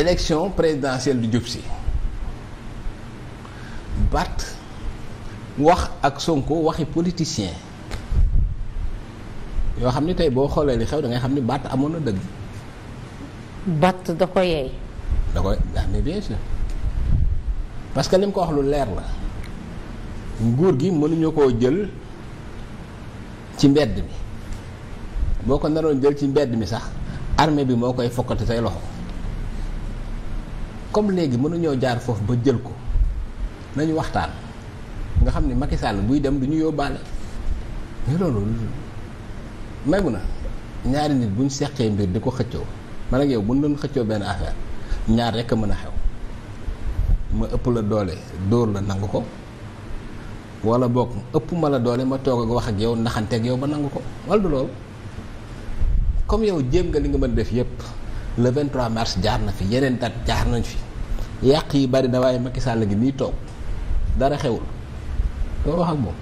élection présidentielle du jub si Bart wax ak Sonko waxi politicien yoo xam ni tey boo xoolee li xew dangay xam ni Bart amoon na dëgg. bat da ko yeey. da ko ah mais que li mu ko wax lu leer la nguur gi mënuñu koo jël ci mbedd mi boo ko naroon jël ci mbedd mi sax armée bi moo koy fokkati say loxo. comme léegi mënuñoo jaar foofu ba jël ko nañu waxtaan nga xam ne Macky Sall buy dem du ñu yóbbaale loolu may mu na ñaari nit buñ seqee mbir di ko xëccoo man ak yow bu ñu doon xëccoo benn affaire ñaar rek a mën a xew ma ëpp la doole dóor la nangu ko wala boog ëpp ma la doole ma toog ak wax ak yow naxanteeg yow ba nangu ko wala du loolu comme yow jéem nga li nga mën def yépp le 23 mars jaar na fi yeneen dat jaar nañ fi yàq yi bari na waaye Macky Sall gi nii toog dara xewul doo wax ak moom.